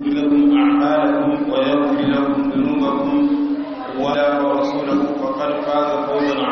لكم أعمالكم ويغفر لكم ذنوبكم ولا ورسوله فقد فاز فوزا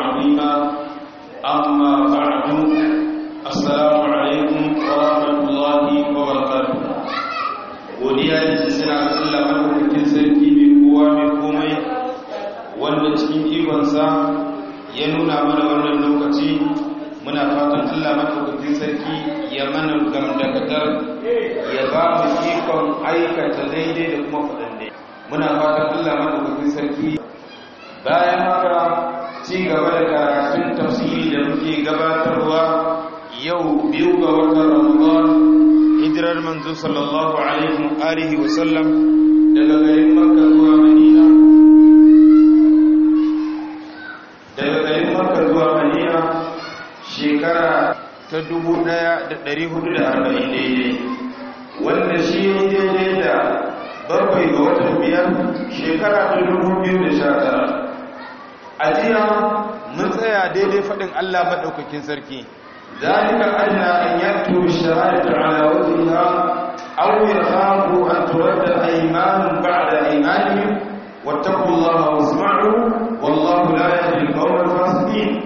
manzo sallallahu alaihi wa alihi wa sallam daga garin makka zuwa madina daga garin makka zuwa madina shekara ta 1440 daidai wanda shi ne daidai da bakwai ga watan biyar shekara ta 2019 a jiya mun tsaya daidai faɗin allah maɗaukakin sarki ذلك أدنى أن يكتب الشهادة على وجهها أو يخافوا أن ترد أيمان بعد أيمانهم واتقوا الله واسمعوا والله لا يهدي القوم الفاسقين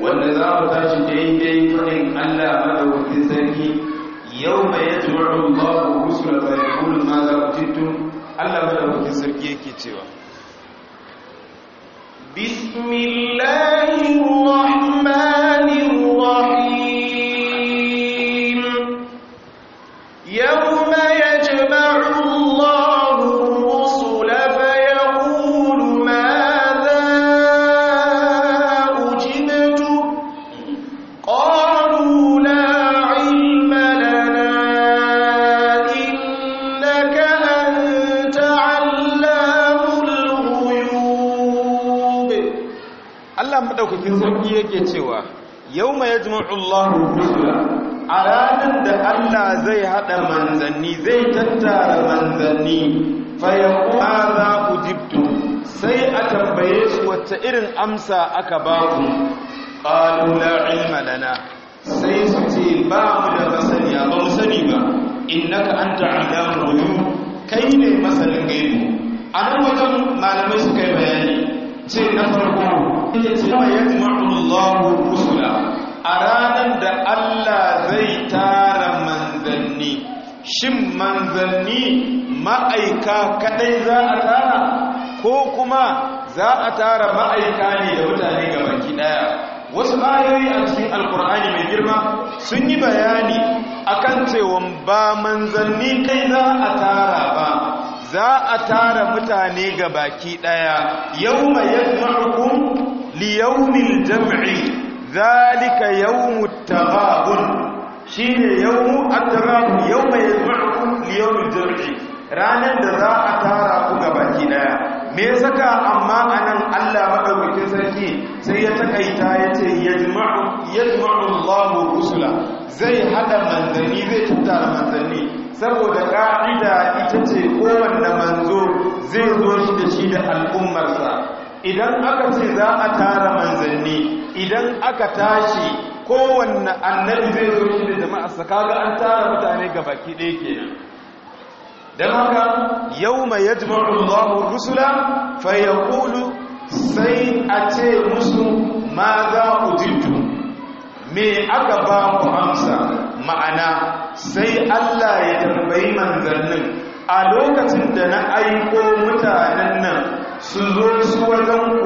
wanda za mu tashi daidai faɗin Allah madaukakin sarki yau mai ya tuwaru babu rusula ta yakunu ma za ku tittu Allah sarki yake cewa bismillah yau mai yajma'ullahu rusula a ranar da Allah zai haɗa manzanni zai tattara manzanni fayan kuma za ku jibto, sai a tambaye su wata irin amsa aka ba ku ƙalula ilma sai su ce ba mu da masaniya ba mu sani ba innaka anta alamun wuyu kai ne masanin gaibu a nan wajen malamai suka yi bayani ce na farko ya yajma'u Allahu rusula a ranar da Allah zai tara manzanni shin manzanni ma'aika kadai za a tara ko kuma za a tara ma'aika ne da mutane ga baki daya wasu ayoyi a cikin alkur'ani mai girma sun yi bayani akan cewon ba manzanni kai za a tara ba za a tara mutane ga baki daya yau mai yadda liyaumil jam'i zalika yawmut taghabun shine yawmu at-taghabun yawma yajma'ukum liyaumil ranan da za a tara ku gabaki daya me saka amma anan Allah madaukakin sarki sai ya takaita yace yajma'u yajma'u Allahu rusula zai hada manzanni zai tattara manzanni saboda ƙa'ida ita ce kowanne manzo zai zo shi da shi da al'ummarsa idan aka ce za a tara manzanni idan aka tashi kowanne annabi zai zo shi da sa kaga an tara mutane ga baki ɗaya kenan don haka yau mai yajma'u Allahu rusula fa yaqulu sai a ce musu ma za jitu me aka ba ku amsa ma'ana sai Allah ya tambayi manzannin a lokacin da na aiko mutanen nan su zo su wajen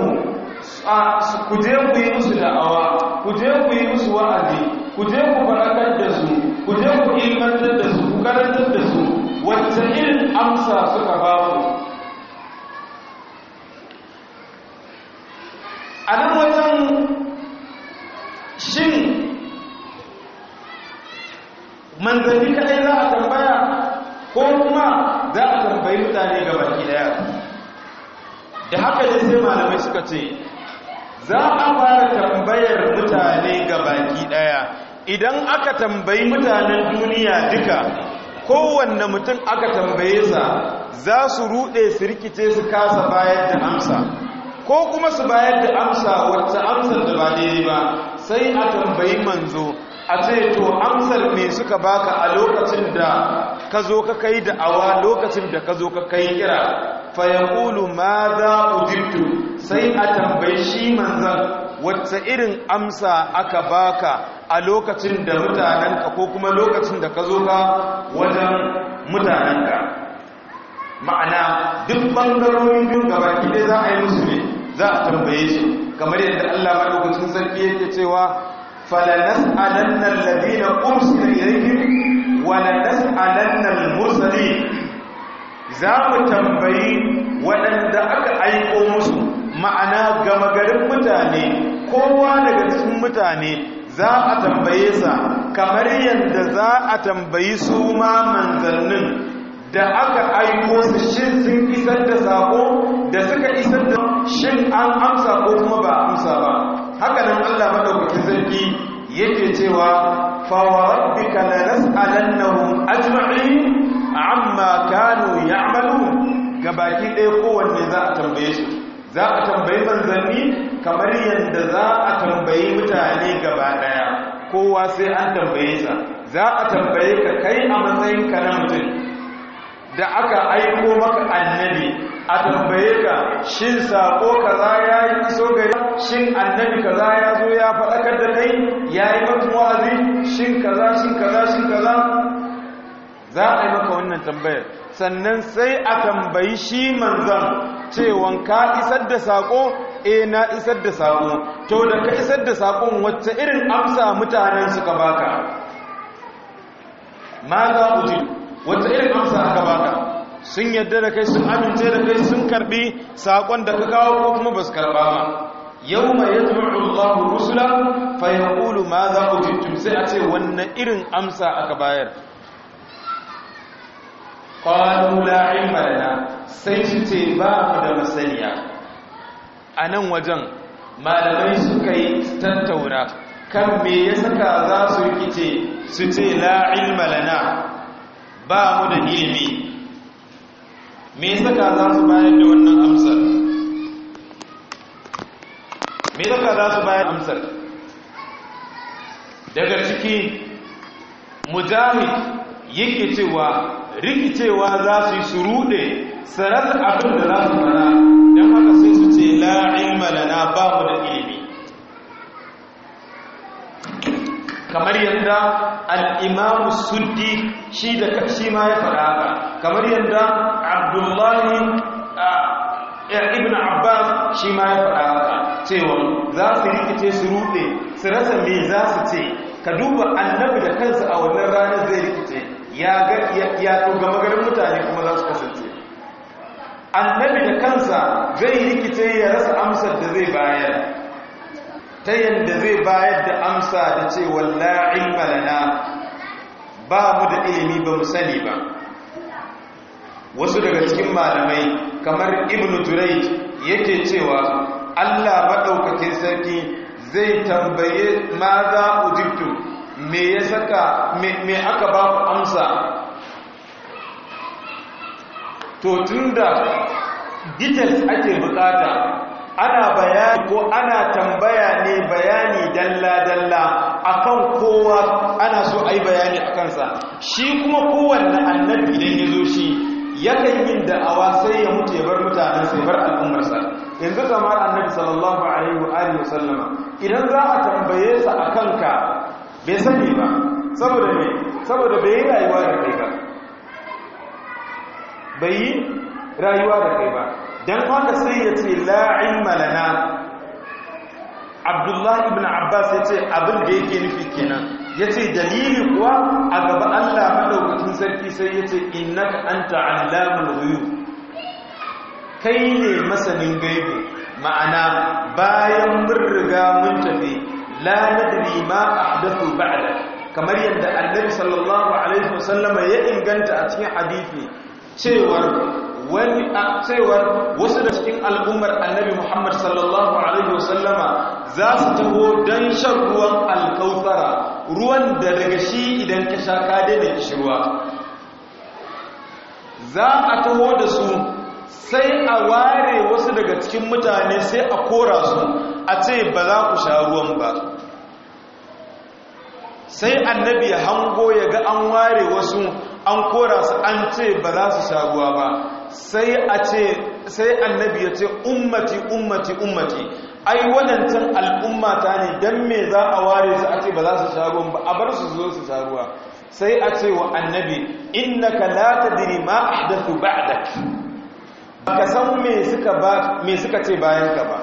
ku ku je ku yi musu da'awa ku je ku yi musu wa'azi ku ku faɗakar da su ku je ku ilmantar da su ku karantar da su wacce irin amsa suka ba ku a nan wajen shin manzanni kaɗai za a tambaya ko kuma za a tambayi mutane gaba ɗaya da haka ne sai malamai suka ce za a fara tambayar mutane ga baki daya idan aka tambayi mutanen duniya duka kowanne mutum aka tambaye sa za su rude su rikice su kasa bayar da amsa ko kuma su bayar da amsa wacce amsa da ba daidai ba sai a tambayi manzo a ce to amsar me suka baka a lokacin da ka zo ka kai da awa lokacin da ka zo ka kai kira fayakulu ma za ujibtu sai a tambayi shi manzan wacce irin amsa aka baka a lokacin da mutanenka ko kuma lokacin da ka zo ka wajen mutanenka ma'ana duk bangarorin biyu gaba ɗaya za a yi musu ne za a tambaye su kamar yadda Allah lokacin sarki yake cewa فلنسألن الذين أرسل إليهم ولنسألن المرسلين za mu tambayi waɗanda aka aiko musu ma'ana gama garin mutane kowa daga cikin mutane za a tambaye sa kamar yadda za a tambayi su ma manzannin da aka aiko su shin sun isar da sako da suka isar da shin an amsa ko kuma ba amsa ba Hakanan Allah madaukakin sarki yake cewa fa wa rabbika la nas'alannahum ajma'in amma kanu ya'malun gabaki ɗaya kowanne za a tambaye shi za a tambayi manzanni kamar yadda za a tambayi mutane gaba ɗaya kowa sai an tambaye sa za a tambaye ka kai a matsayin ka na mutum da aka aiko maka annabi a tambaye ka shin sako kaza ya yi iso gare shin annabi kaza ya zo ya faɗakar da kai ya yi maka wa'azi shin kaza shin kaza shin kaza za a yi maka wannan tambayar sannan sai a tambayi shi manzan cewan ka isar da saƙo Eh na isar da saƙo to da ka isar da saƙon wacce irin amsa mutanen suka baka ma za ku ji wacce irin amsa aka baka sun yadda da kai sun amince da kai sun karbi saƙon da ka kawo ko kuma ba su karba ba yawma yad'u Allahu rusula fa yaqulu madha ujibtum sai ace wannan irin amsa aka bayar qalu la ilma lana sai su ce ba mu da masaniya anan wajen malamai suka yi tattauna, kan me ya saka za su rikice su ce la ilma lana ba mu da ilimi me saka za su bayar da wannan amsar me zaka za su bayar amsar daga ciki mujahid yake cewa rikicewa za su yi su rude sarar abin da za su mana don haka sai su ce la'in malana ba mu da ilimi kamar yadda al'imamu suddi shi da kashi ma ya faɗa kamar yadda abdullahi Eh, ibn abbas shi ma ya faɗa haka cewa za su rikice su rute su rasa me za su ce ka duba annabi da kansa a wannan ranar zai rikice ya ga ya ga garin mutane kuma za su kasance annabi da kansa zai rikice ya rasa amsar da zai bayar ta yanda zai bayar da amsa da ce wallahi malana ba mu da ilimi ba mu sani ba wasu daga cikin malamai kamar ibnu turai yake cewa Allah maɗaukakin sarki zai tambaye ma za jiktu me ya saka me aka ba ku amsa to tunda details ake bukata ana bayani ko ana tambaya ne bayani dalla-dalla akan kowa ana so a yi bayani a kansa shi kuma kowanne annabi idan ya zo shi yakan yin da'awa sai ya mutu ya bar mutanen sai bar al'ummarsa yanzu zamar annabi sallallahu alaihi wa alihi wasallama idan za a tambaye sa akan ka bai sani ba saboda me saboda bai yi rayuwa da kai ba bai yi rayuwa da kai ba dan haka sai ya ce la ilma lana abdullahi ibn abbas ya ce abin da yake nufi kenan ya ce dalili kuwa a gaba allah maɗaukacin sarki sai ya ce innaka anta allamul ghuyub kai ne masanin gaibu ma'ana bayan mun riga mun tafi la nadri ma ahdathu ba'da kamar yadda annabi sallallahu alaihi wasallama ya inganta a cikin hadisi cewar wani a cewar wasu da cikin al'ummar annabi Muhammad sallallahu Alaihi wasallama za su taho don shan ruwan alkautara ruwan da daga shi idan ka sha kade da kishirwa za a taho da su sai a ware wasu daga cikin mutane sai a kora su a ce ba za ku sha ruwan ba sai annabi hango ya ga an ware wasu an kora su an ce ba za su shaguwa ba sai a ce sai annabi ya ce ummati ummati ummati ai wadancan al'umma ta ne don me za a ware su a ce ba za su shaguwa ba a bar su zo su shaguwa sai a ce wa annabi innaka la tadri ma ahdathu ba'dak baka san me suka ba me suka ce bayan ka ba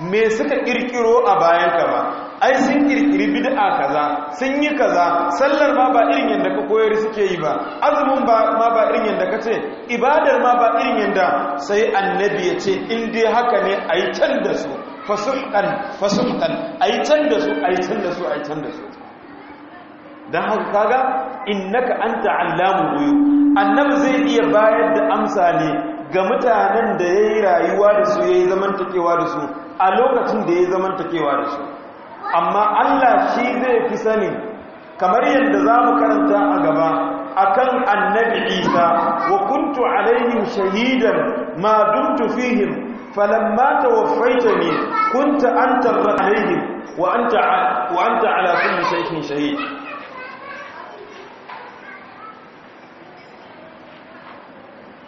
me suka kirkiro a bayan ka ba ai sun kirkiri bid'a kaza sun yi kaza sallar ma ba irin yanda ka koyar suke yi ba azumin ba ma ba irin yanda ka ce ibadar ma ba irin yanda sai annabi ya ce in dai haka ne ai can da su fasuhqan a ai can da su ai can da su ai can da su dan haka kaga innaka anta allamu ghuyub annabi zai iya bayar da amsa ne ga mutanen da yayi rayuwa da su yayi zamantakewa da su a lokacin da yayi zamantakewa da su amma Allah shi zai fi sani kamar yadda za mu karanta a gaba akan annabi isa wa kuntu alaihim shahidan ma dumtu fihim falamma ne kunta anta alaihim wa wa anta ala shahid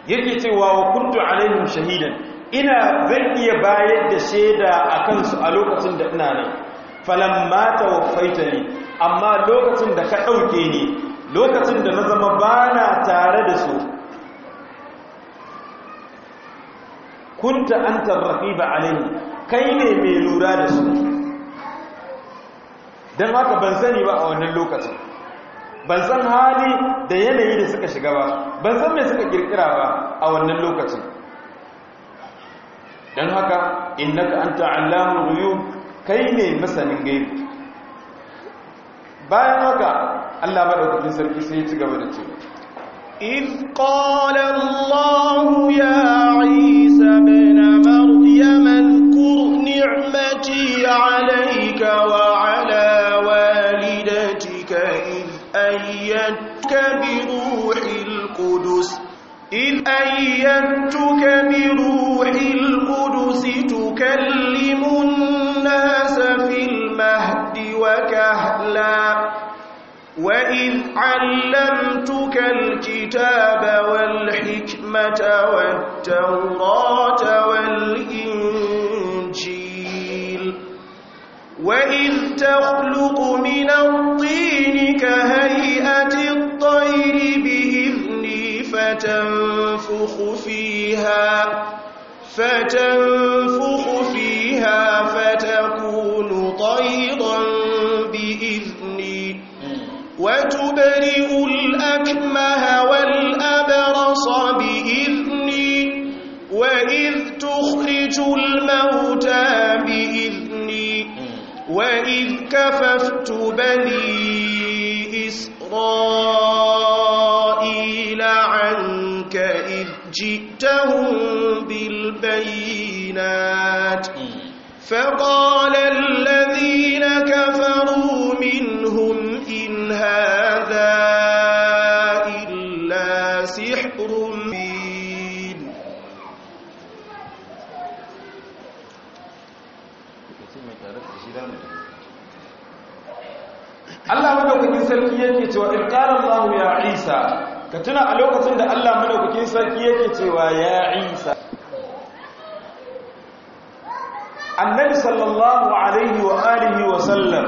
yake cewa wa kuntu alaihim shahidan ina zan iya bayar da shaida a kansu a lokacin da ina nan falamma ne, amma lokacin da ka ɗauke ne lokacin da na zama bana tare da su kunta ba a alayhi kai ne mai lura da su Don haka ban sani ba a wannan lokacin ban san hali da yanayi da suka shiga ba ban san me suka kirkira ba a wannan lokacin Don haka innaka anta allamul ruyu kai ne masanin gaibi bayan haka Allah madaukakin sarki sai ya ci gaba da cewa إذ قال الله يا عيسى بن مريم اذكر نعمتي عليك وعلى والدتك إذ أيدتك بروح القدس إذ أيدتك بروح القدس تكلم وكهلا وإذ علمتك الكتاب والحكمة والتوراة والإنجيل وإذ تخلق من الطين كهيئة الطير بإذني فتنفخ فيها فتنفخ فيها فتكون طيراً وتبرئ الأكمه والأبرص بإذني وإذ تخرج الموتى بإذني وإذ كففت بني إسرائيل عنك إذ جئتهم بالبينات فقال الذين كفروا Allah madaukakin sarki yake cewa in qala Allah ya Isa ka tuna a lokacin da Allah madaukakin sarki yake cewa ya Isa Annabi sallallahu alaihi wa alihi wa sallam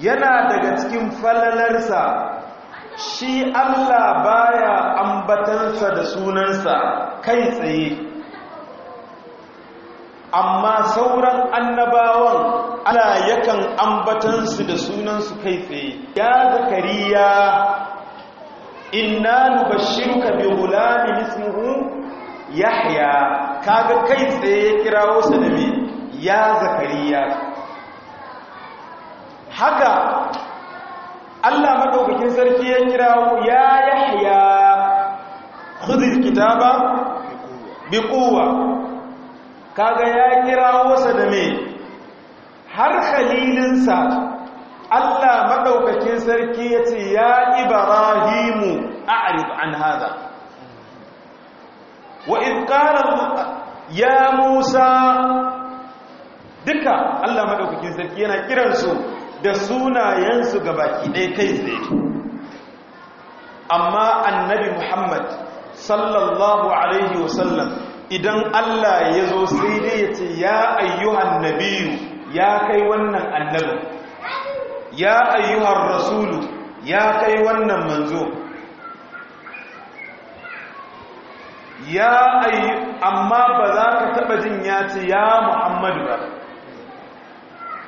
yana daga cikin falalarsa shi Allah baya ambatansa da sunansa kai tsaye amma sauran annabawan ana yakan ambatansu da sunansu kai tsaye ya zakariya inna nubashshiruka bi gulamin ismuhu yahya kaga kai tsaye ya kirawo sa da me ya zakariya haka Allah madaukakin sarki ya kirawo ya yahya khudh alkitaba bi quwwa kaga ya kirawo sa da me har khalilinsa Allah madaukakin sarki yace ya ibrahimu a'rif an hada wa id qala ya musa duka Allah madaukakin sarki yana kiransu da sunayensu gabaki ɗaya kai tsaye amma annabi Muhammad sallallahu alaihi wasallam idan Allah ya zo sai dai ya ce ya ayyuhan nabiyu ya kai wannan annabin ya ayyuhan rasulu ya kai wannan manzo ya ayyu amma ba za ka taba jin ya ce ya muhammadu ba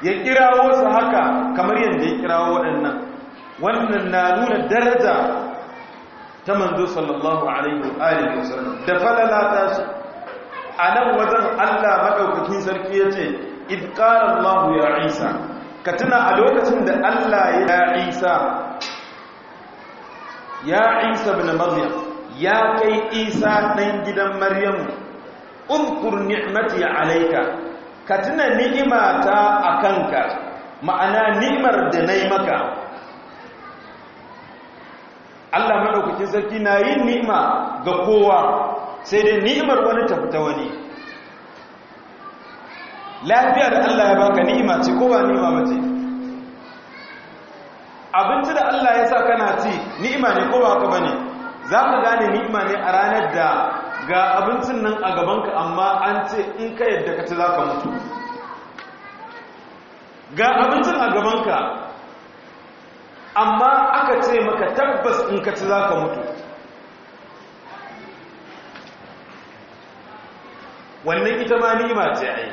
ya kirawo su haka kamar yadda ya kirawo waɗannan wannan na nuna daraja ta manzo sallallahu alaihi wa alihi wasallam da falala ta shi a nan wajen allah maɗaukakin sarki ya ce idkarar mahu ya isa ka tuna a lokacin da allah ya isa ya isa bane maryam ya kai isa ɗan gidan maryam ƙunkur ni'mati alaika ka tuna ni'imata a kanka ma'ana ni'imar da na maka Allah maɗaukakin sarki na yin ni'ima ga kowa sai dai ni'imar wani ta wani lafiya da Allah ya baka ni'ima ce ko ba ni'ima ba ce abinci da Allah ya sa kana ci ni'ima ne ko ba haka bane za ka gane ni'ima ne a ranar da ga abincin nan a gabanka amma an ce in ka yadda ka ci za ka mutu ga abincin a gabanka amma aka ce maka tabbas in ka ci za ka mutu wannan ita ma ba ce ai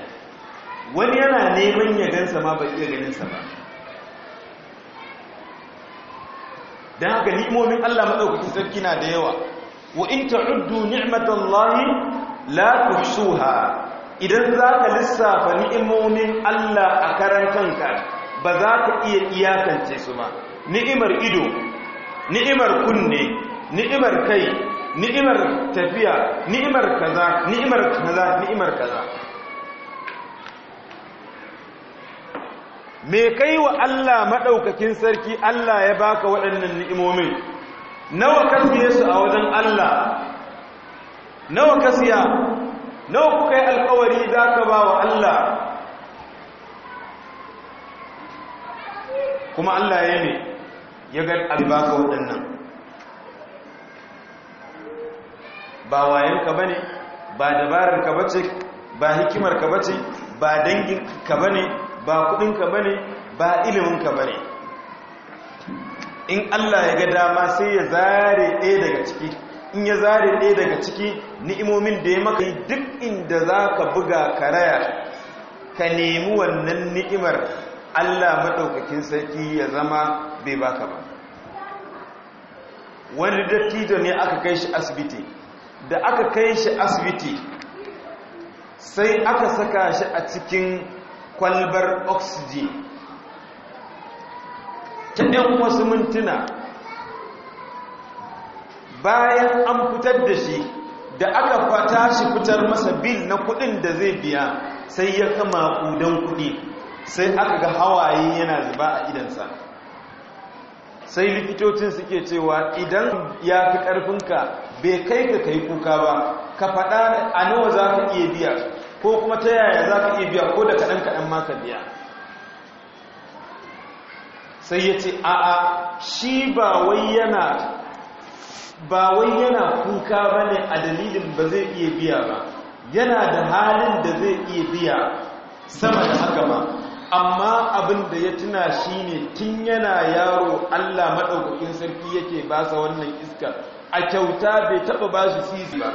wani yana neman ya gansa ma ba iya ganin ba dan haka ni'imomin Allah madaukakin sarki na da yawa wa in ta'uddu ni'matallahi la tuhsuha idan za ka lissafa ni'imomin Allah a karan kanka ba za ka iya iyakance su ba ni'imar ido ni'imar kunne ni'imar kai ni'imar tafiya ni'imar kaza ni'imar kaza ni'imar kaza me kai wa Allah madaukakin sarki Allah ya baka waɗannan ni'imomin nawa ka siye su a wajen Allah nawa ka siya nawa kuka yi alkawari zaka ba wa Allah kuma Allah ya ne ya ga albaka waɗannan ba wayanka bane ba dabararka bace ba hikimarka bace ba danginka bane ba kudinka bane ba iliminka bane in Allah ya ga dama sai ya zare ɗaya daga ciki in ya zare ɗaya daga ciki ni'imomin da ya maka duk inda za ka buga karaya ka nemi wannan ni'imar Allah maɗaukakin sarki ya zama bai baka ba wani dattijo ne aka kai shi asibiti da aka kai shi asibiti sai aka saka shi a cikin kwalbar oxygen ta ɗan wasu mintuna bayan an fitar da shi da aka fata shi fitar masa bil na kudin da zai biya sai ya kama ƙudan kudi sai aka ga hawaye yana zuba a idansa sai likitocin suke cewa idan ya fi ƙarfinka bai kai ka kai kuka ba ka faɗa a nawa za ka iya biya ko kuma ta yaya za ka iya biya ko da kaɗan kaɗan ma ka biya sai ya ce a'a shi ba wai yana ba wai yana kuka ba ne a dalilin ba zai iya biya ba yana da halin da zai iya biya sama da haka ma amma abin da ya tuna shi ne tun yana yaro Allah maɗaukakin sarki yake ba sa wannan iska. a kyauta bai taɓa ba shi sisi ba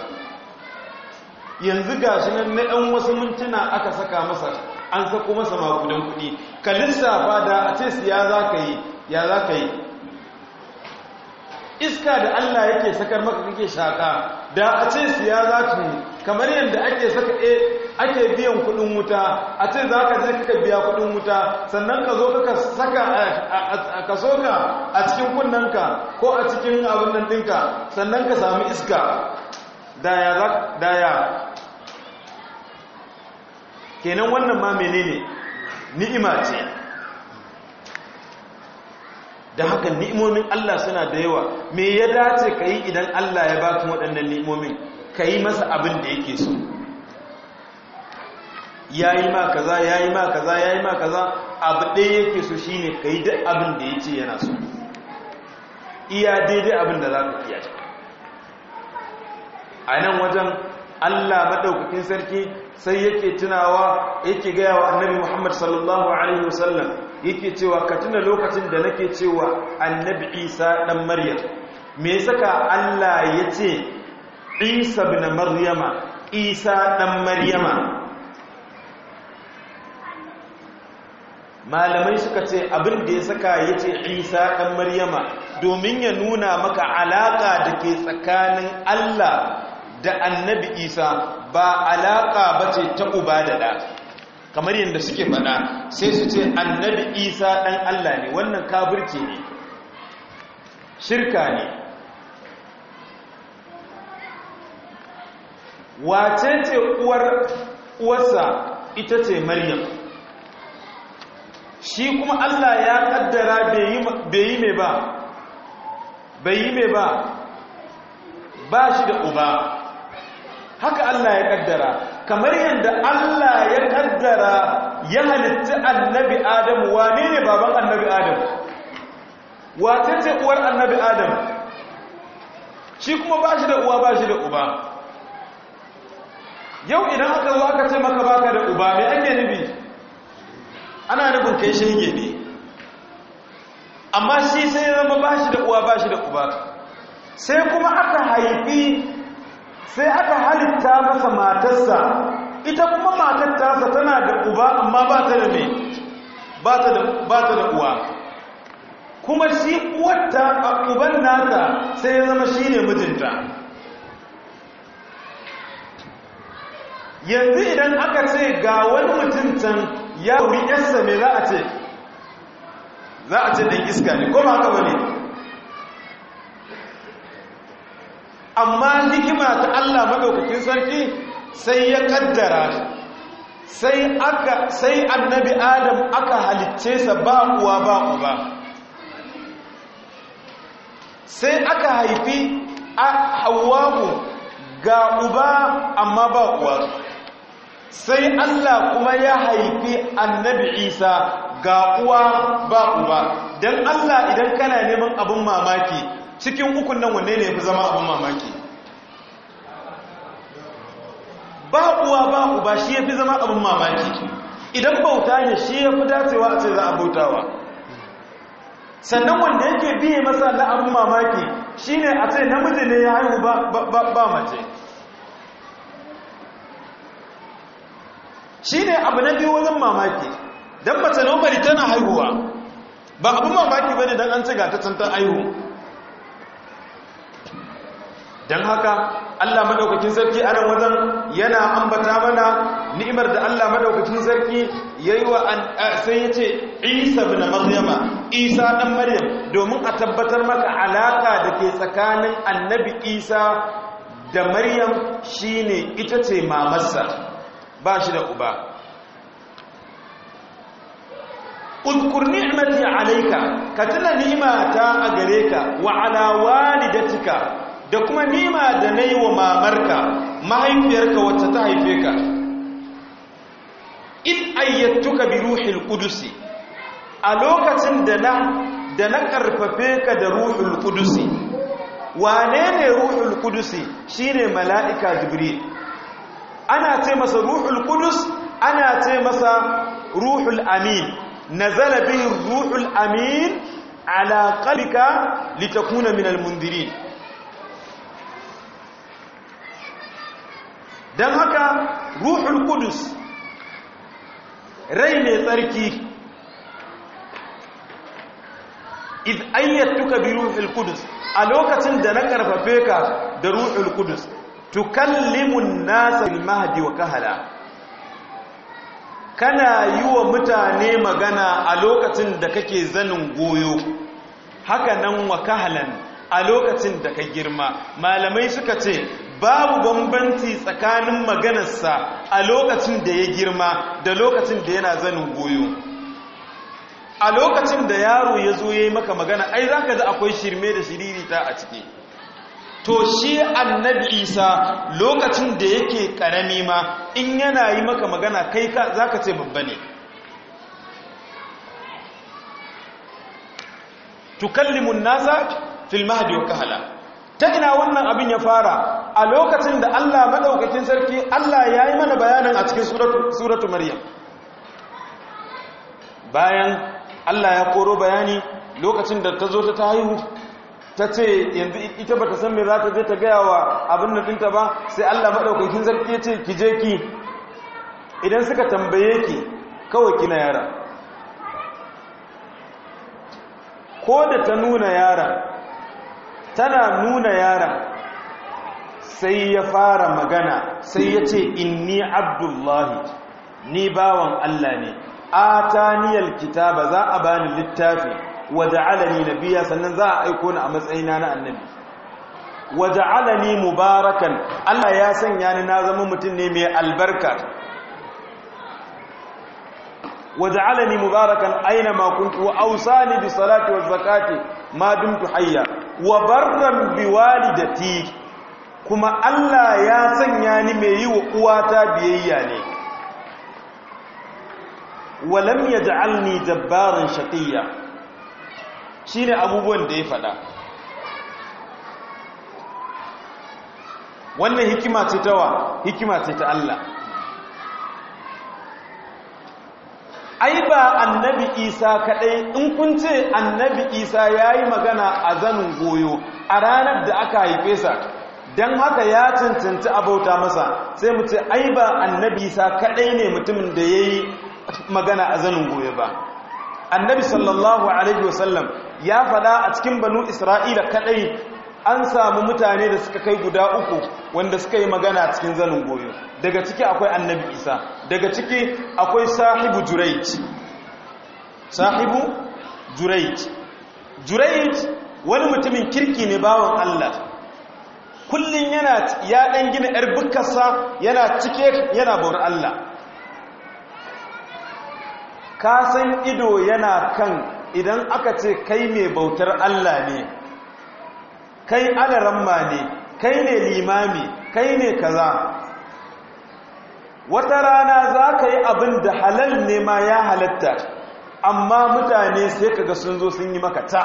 yanzu ga shi nan na ɗan wasu mintuna aka saka masa an sako masa makudan kuɗi kalin safa da a ce siya za ka yi ya za ka yi iska da Allah yake sakar maka kake shaƙa da a ce siya za ka yi kamar yadda ake saka eh, ake biyan kudin wuta a ce za ka je ka biya kudin wuta sannan ka zo ka saka ka a cikin kunnanka ko a cikin abin nan sannan ka sami iska daya daya kenan wannan ma menene ni'ima ce da haka ni'imomin Allah suna da yawa me ya dace ka yi idan Allah ya ba baka waɗannan ni'imomin ka yi masa abin da yake so ya yi ma kaza ya yi ma kaza ya yi ma kaza abu ɗaya yake so shi ne ka yi duk abin da ya ce yana so iya daidai abin da za ka iya a nan wajen allah maɗaukakin sarki sai yake tunawa yake gaya wa annabi muhammad sallallahu alaihi wasallam yake cewa ka tuna lokacin da nake cewa annabi isa ɗan maryam me saka allah ya ce isa bin maryama isa ɗan maryama malamai suka ce abin da ya saka yace isa ɗan maryama domin ya nuna maka alaƙa da ke tsakanin allah da annabi isa ba alaƙa bace ta uba da kamar yadda suke faɗa sai su ce annabi isa ɗan allah ne wannan kafirci ne shirka ne wace ce uwar uwarsa ita ce maryam shi kuma allah ya kaddara bai yi mai ba bai yi mai ba ba shi da uba haka allah ya kaddara kamar yadda allah ya kaddara ya halitta annabi adam wane ne baban annabi adam wace ce uwar annabi adam shi kuma ba shi da uwa ba shi da uba yau idan aka zo aka ce maka baka da uba mai ake nufi ana nufin kai shege ne amma shi sai zama ba shi da uwa ba shi da uba sai kuma aka haifi sai aka halitta masa matarsa ita kuma matar tana da uba amma ba ta da mai ba ta da uwa kuma shi uwarta a uban nata sai ya zama shi ne mijinta yanzu idan aka ce ga wani mutum can ya wuri 'yansa mai za a ce za a ce da iska ne ko ba haka wani amma hikima ta allah maɗaukakin sarki sai ya kaddara sai annabi adam aka halicce sa ba kuwa ba uba sai aka haifi a hawaku ga uba amma ba uwa sai Allah kuma ya haifi annabi Isa ga uwa ba uba dan Allah idan kana neman abin mamaki cikin ukun nan wanne ne ya fi zama abin mamaki ba uwa ba uba shi ya fi zama abin mamaki idan bauta ne shi ya fi dacewa a ce za a bautawa sannan wanda yake biye masa na abin mamaki shine a ce namiji ne ya haihu ba mace shi ne abu na biyu wajen mamaki don mace nomari tana haihuwa ba abu mamaki ba ne don an ci ta tantar aihu haihu don haka allah maɗaukakin sarki a nan wajen yana ambata mana ni'imar da allah maɗaukacin sarki ya yi wa sai ya ce isa bin maryama isa ɗan maryam domin a tabbatar maka alaƙa da ke tsakanin annabi isa da maryam shine ita ce mamarsa ba shi da uba uzkur ni'mati alaika ka tuna ni'ma ta a gare ka wa ala walidatika da kuma ni'ma da nayi wa mamarka mahaifiyarka wacce ta haife ka in ayyatuka bi ruhil Kudusi, a lokacin da na da na karfafe ka da ruhul Kudusi, wane ne ruhul shi shine mala'ika jibril ana ce masa ruhul qudus ana ce masa ruhul amin nazala bihi ruhul amin ala qalbika litakuna min almundirin dan haka ruhul kudus rai ne tsarki id ayyatuka bi ruhul kudus a lokacin da na karfafe ka da ruhul kudus. tukallimun nasa bil mahdi wa kahala kana yi wa mutane magana a lokacin da kake zanin goyo hakanan nan wa kahalan a lokacin da ka girma malamai suka ce babu bambanci tsakanin maganarsa a lokacin da ya girma da lokacin da yana zanin goyo a lokacin da yaro ya zo ya yi maka magana ai za ka ji akwai shirme da shiririta a ciki to shi annabi isa lokacin da yake karami ma in yana yi maka magana kai ka za ka ce babba ne tukallimun nasa fil mahdi wa kahala ta ina wannan abin ya fara a lokacin da Allah madaukakin sarki Allah ya yi mana bayanin a cikin suratu maryam bayan Allah ya koro bayani lokacin da ta zo ta haihu ta ce yanzu ita ba ta san mai za ta je ta gaya wa abin da ɗinta ba sai allah maɗaukakin zarki ya ce ki je ki idan suka tambaye ki kawai kina yara ko da ta nuna yara tana nuna yara sai ya fara magana sai ya ce inni abdullahi ni bawan allah ne a taniyar kitaba za a bani littafi wa ja'alani nabiyya sannan za a aiko ni a matsayina na annabi wa mubarakan Allah ya sanya ni na zama mutum ne mai albarka wa ja'alani mubarakan aina ma kuntu wa awsani bi salati wa zakati ma dumtu hayya wa barran bi walidati kuma Allah ya sanya ni mai yi wa uwata biyayya ne walam yaj'alni jabbaran shaqiyya Shi ne abubuwan da ya faɗa wannan hikima ce ta wa hikima ce ta Allah ai ba annabi isa kadai in kun ce annabi isa ya yi magana a zanin goyo a ranar da aka haife sa don haka ya cancanci abauta masa sai mu ce ai ba annabi isa kadai ne mutumin da ya yi magana a zanin goyo ba annabi sallallahu alaihi wasallam ya fada a cikin banu isra'ila kadai an samu mutane da suka kai guda uku wanda suka yi magana cikin zanin goyo daga ciki akwai annabi isa daga ciki akwai sahibu jurayj sahibu jurayj jurayj wani mutumin kirki ne bawan allah kullum yana ya dan gina yar bukkarsa yana cike yana bawar allah ka san ido yana kan idan aka ce kai mai bautar Allah ne kai alaramma ne kai ne limami kai ne kaza wata rana za ka yi abin da halal ne ma ya halatta amma mutane sai kaga sun zo sun yi maka ta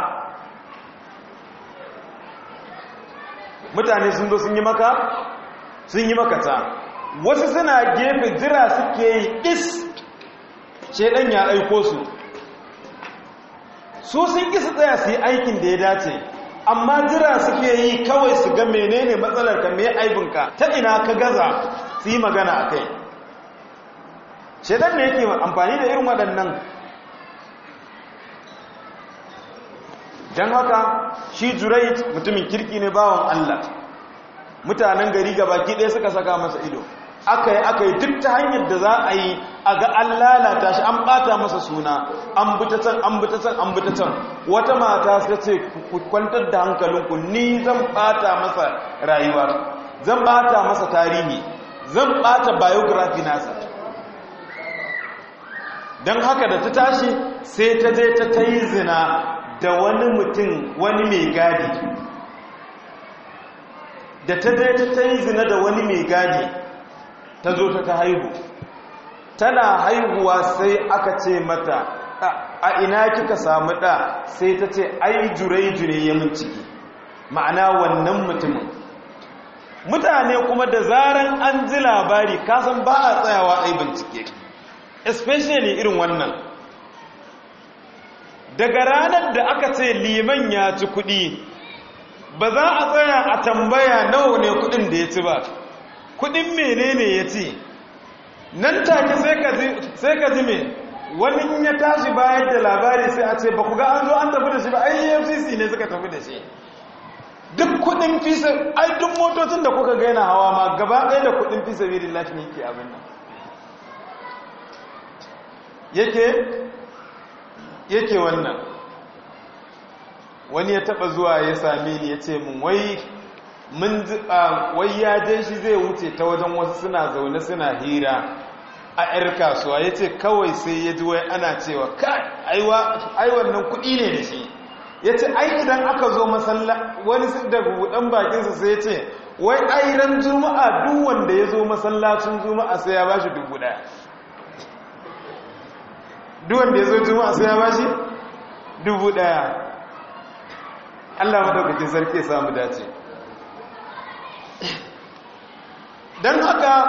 mutane sun zo sun yi maka sun yi maka ta wasu suna gefe jira suke yi is ɗan ya aiko su su sun kisa su tsaya su yi aikin da ya dace amma jira suke yi kawai su ga menene matsalar ka mai aibinka ta ina ka gaza su yi magana a kai ɗan ne yake amfani da irin waɗannan don haka shi jurait mutumin kirki ne bawan allah mutanen gari gabaki ɗaya suka saka masa ido aka yi aka yi duk ta hanyar da za a yi a ga an lalata shi an bata masa suna an bitatan an bitatan an bitatan wata mata sai ce kwantar da hankalinku ni zan bata masa rayuwa zan bata masa tarihi zan bata biography nasa don haka da ta tashi sai ta je ta ta yi zina da wani mutum wani mai gadi da ta je ta ta zina da wani mai gadi ta zo ta haihu tana haihuwa sai aka ce mata a ina kika samu ɗa sai ta ce ai jurai ne ya mun ciki ma'ana wannan mutumin mutane kuma da zaran an ji labari kasan ba a tsayawa ai bincike especially irin wannan daga ranar da aka ce liman ya ci kuɗi ba za a tsaya a tambaya nawa ne kuɗin da ya ci ba kudin menene ya ce nan take sai ka zime wani ya tashi bayan da labari sai a ce ba ku ga an zo an tafi da shi ba afcc ne suka tafi da shi duk kudin fisa ai duk motocin da kuka gaina hawa ma gaba ɗaya da kudin fisa birin latin yake abin nan yake yake wannan wani ya taba zuwa ya sami ni ya ce mun wai mun wai ya je shi zai wuce ta wajen wasu suna zaune suna hira a ƴar kasuwa ya ce kawai sai ya ji wai ana cewa ai wannan kuɗi ne da shi ya ce ai idan aka zo masalla wani da buɗan bakinsa sai ya ce wai ai ran juma'a duk wanda ya zo masallacin juma'a sai ya bashi dubu ɗaya duk wanda ya zo juma'a sai ya bashi dubu ɗaya Allah madaukakin sarki ya samu dace don haka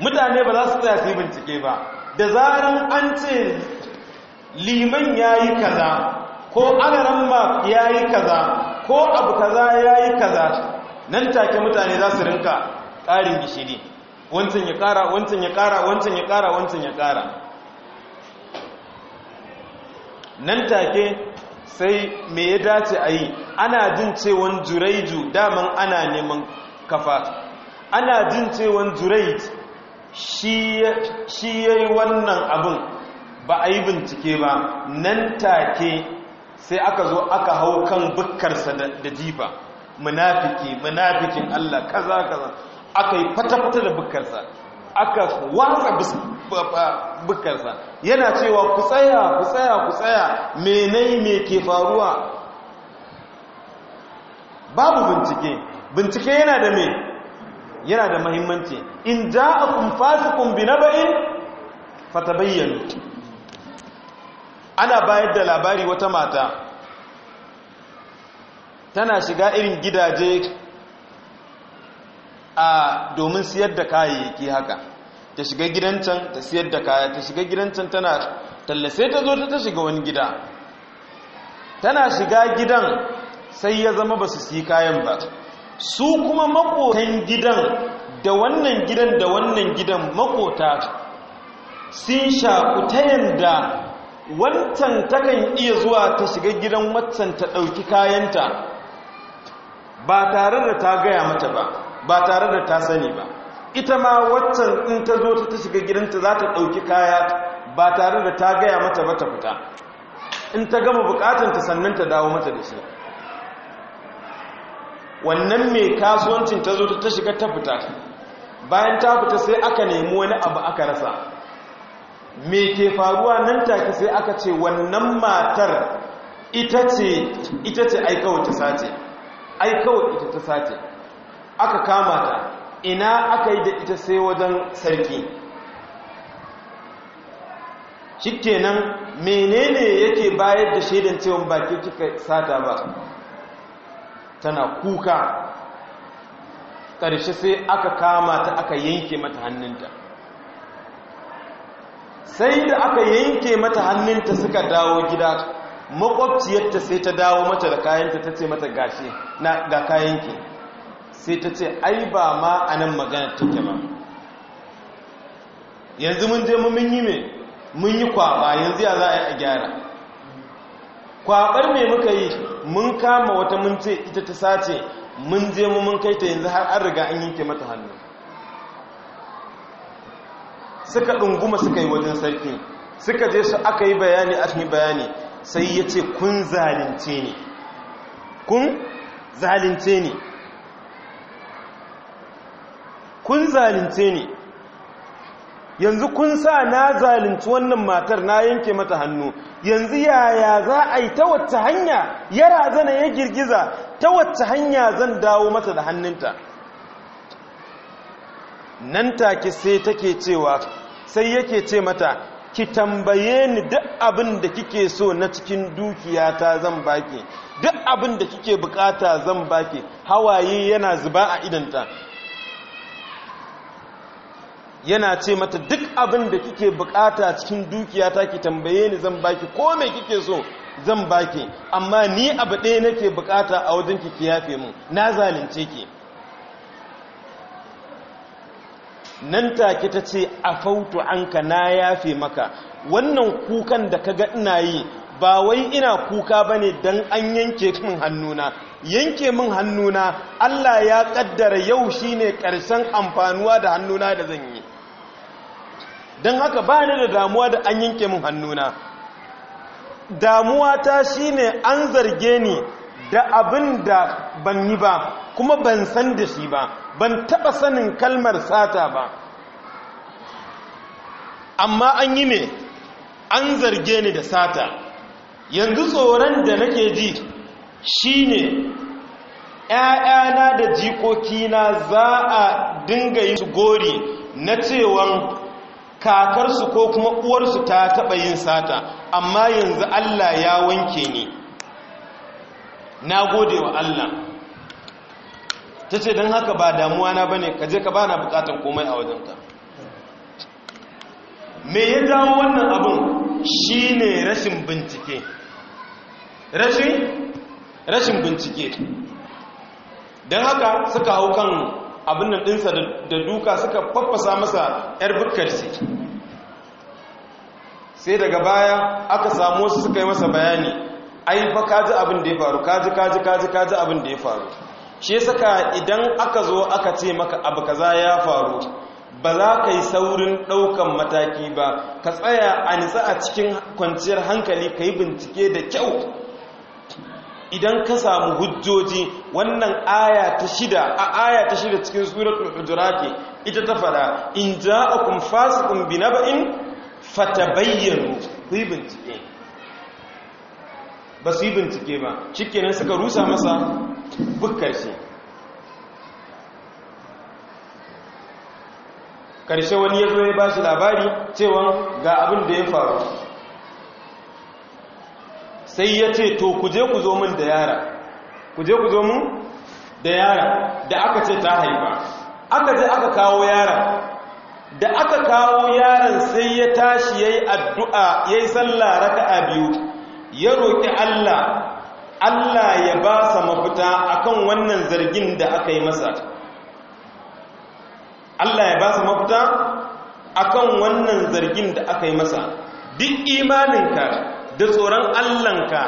mutane ba za su tsaya su yi bincike ba da zarar an ce liman ya yi kaza ko anaran ma ya yi kaza ko abu kaza ya yi kaza nan take mutane za su rinka ƙarin gishiri wancan ya ƙara wancan ya ƙara wancan ya ƙara wancan ya ƙara nan take sai me ya dace a yi ana jin cewan juraiju daman ana neman kafa ana jin cewan juraid shi ya yi wannan abin ba a yi bincike ba nan take sai aka zo aka hau kan bukkarsa da jifa munafiki munafikin allah kaza kaza aka yi fata-fata da bukkarsa aka watsa bukarsa yana cewa ku tsaya ku tsaya ku tsaya menai me ke faruwa babu bincike bincike yana da me yana da mahimmanci in ja'akum bain binaba'in bayyana. ana bayar da labari wata mata tana shiga irin gidaje a domin siyar da kayayyaki haka ta shiga gidan ta siyar da kaya ta shiga gidancan tana tallace ta zo ta ta shiga wani gida tana shiga gidan sai ya zama ba su siyi kayan ba su kuma makotan gidan da wannan gidan da wannan gidan makota sun shaku ta yanda wancan takan iya zuwa ta shiga gidan wancan ta ɗauki kayanta ba tare da ta gaya mata ba ba tare da ta sani ba ita ma waccan in ta zo ta shiga gidanta za ta ɗauki kaya ba tare da ta gaya mata ba ta fita in ta gama bukatanta sannan ta dawo mata da shi wannan mai kasuwancin ta zo ta shiga ta fita bayan ta fita sai aka nemi wani abu aka rasa me ke faruwa nan take sai aka ce wannan matar ita ce ita ce aikawa ta sace aikawa ita ta sace aka kama ta ina aka yi da ita sai wajen sarki shikenan menene yake bayar da shaidan cewa baki kika sata ba tana kuka ƙarshe sai aka kama ta aka yanke mata hannunta sai da aka yanke mata hannunta suka dawo gida makwabciyarta sai ta dawo mata da kayanta ta ce mata gashi na ga kayanki sai ta ce ai ba ma a nan magana take ba yanzu mun je mun yi mai mun yi kwaba yanzu ya za a yi a gyara kwabar mai muka yi mun kama wata mun ce ita ta sace mun je mu mun kai ta yanzu har an riga an yanke mata hannu suka ɗunguma suka yi wajen sarki suka je su aka yi bayani a yi bayani sai ya ce kun zalince ne kun zalince ne kun zalunce ni yanzu kun sa na zalunci wannan matar na yanke mata hannu yanzu yaya za a yi ta wacce hanya ya razana ya girgiza ta wacce hanya zan dawo mata da hannunta nan take sai take cewa sai yake ce mata ki tambaye ni duk abin da kike so na cikin dukiyata zan baki duk abin da kike bukata zan baki hawaye yana zuba a idanta yana ce mata duk abin da kike bukata cikin dukiya ta ki tambaye ni zan baki ko me kike so zan baki amma ni abu ɗaya nake bukata a wajen ki ki yafe mu na zalunce ki nan ta take ta ce a afautu anka na yafe maka wannan kukan da ka ga ina yi ba wai ina kuka ba ne don an yanke min hannuna yanke min hannuna Allah ya kaddara yau shi ne ƙarshen amfanuwa da hannuna da zan yi don haka ba ni da damuwa da an yanke min hannuna damuwa ta shine an zarge ni da abin da ban yi ba kuma ban san da shi ba ban taba sanin kalmar sata ba amma an yi ne an zarge ni da sata yanzu tsoron da nake ji shine ‘ya'yana da jikokina za a dinga yi gori na cewan kakarsu ko kuma uwarsu ta taɓa yin sata amma yanzu Allah ya wanke ni na gode wa Allah ta ce don haka ba damuwa na bane ka je ka ba na bukatan komai a wajenta me ya dawo wannan abin shi ne rashin bincike rashin bincike don haka suka hau kan abin nan ɗinsa da duka suka faffasa masa 'yar bukkar sai daga baya aka samu wasu suka yi masa bayani ai fa kaji abin da ya faru kaji kaji kaji kaji abin da ya faru shi saka idan aka zo aka ce maka abu kaza ya faru ba za ka yi saurin ɗaukan mataki ba ka tsaya a nitsa a cikin kwanciyar hankali ka yi bincike da kyau idan ka samu hujjoji wannan aya ta shida a aya ta shida cikin suratul hujurati ita ta fara in ja'akum fasiqun binaba'in fatabayyanu ku yi bincike ba su yi bincike ba shikenan suka rusa masa bukkar shi karshe wani ya zo ya ba shi labari cewa ga abin da ya faru sai ya ce to ku je ku zo min da yara ku je ku zo min da yara da aka ce ta haifa aka je aka kawo yara da aka kawo yaran sai ya tashi yayi addu'a yayi sallah raka'a biyu ya roki Allah Allah ya ba sa mafita akan wannan zargin da aka yi masa Allah ya ba sa mafita akan wannan zargin da aka yi masa duk imaninka da tsoron allanka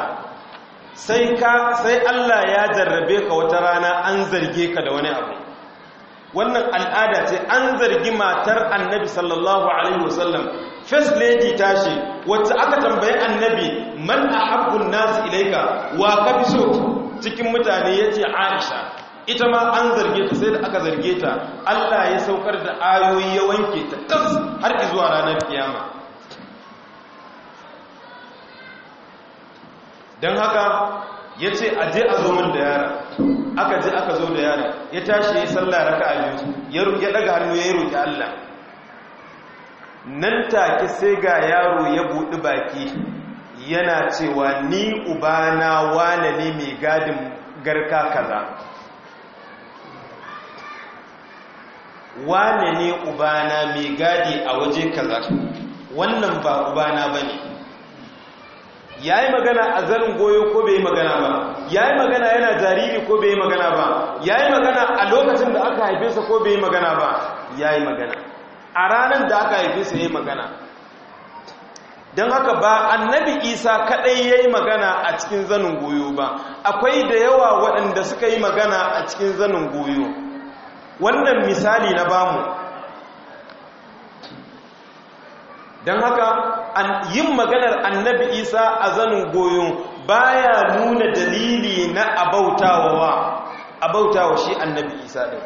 sai ka sai Allah ya jarrabe ka wata rana an zarge ka da wani abu wannan al'ada ce an zargi matar annabi sallallahu alaihi wasallam first lady ce, wacce aka tambaye annabi man a haɓun nasu ilaika wa ka fi so cikin mutane ya ce Aisha ita ma an zarge ta sai da aka zarge ta Allah ya saukar da ayoyi ya wanke ta tas har zuwa ranar kiyama don haka ya ce a je a zo min da yara aka je aka zo da yara ya tashi ya yi raka a biyu ya daga hannu ya yi roƙi allah nan take sai ga yaro ya buɗi baki yana cewa ni ubana wane ne mai gadin garka kaza wane ne ubana mai gadi a waje kaza wannan ba ubana ba ne ya yi magana a zanin goyo ko bai yi magana ba ya yi magana yana jariri ko bai yi magana ba ya yi magana a lokacin da aka haife sa ko bai yi magana ba ya yi magana a ranar da aka haife sa ya yi magana don haka ba annabi isa kadai ya yi magana a cikin zanin goyo ba akwai da yawa waɗanda suka yi magana a cikin zanin goyo wannan misali na bamu don haka yin maganar annabi isa a zanin goyon baya nuna dalili na abautawa abautawa shi annabi isa ɗin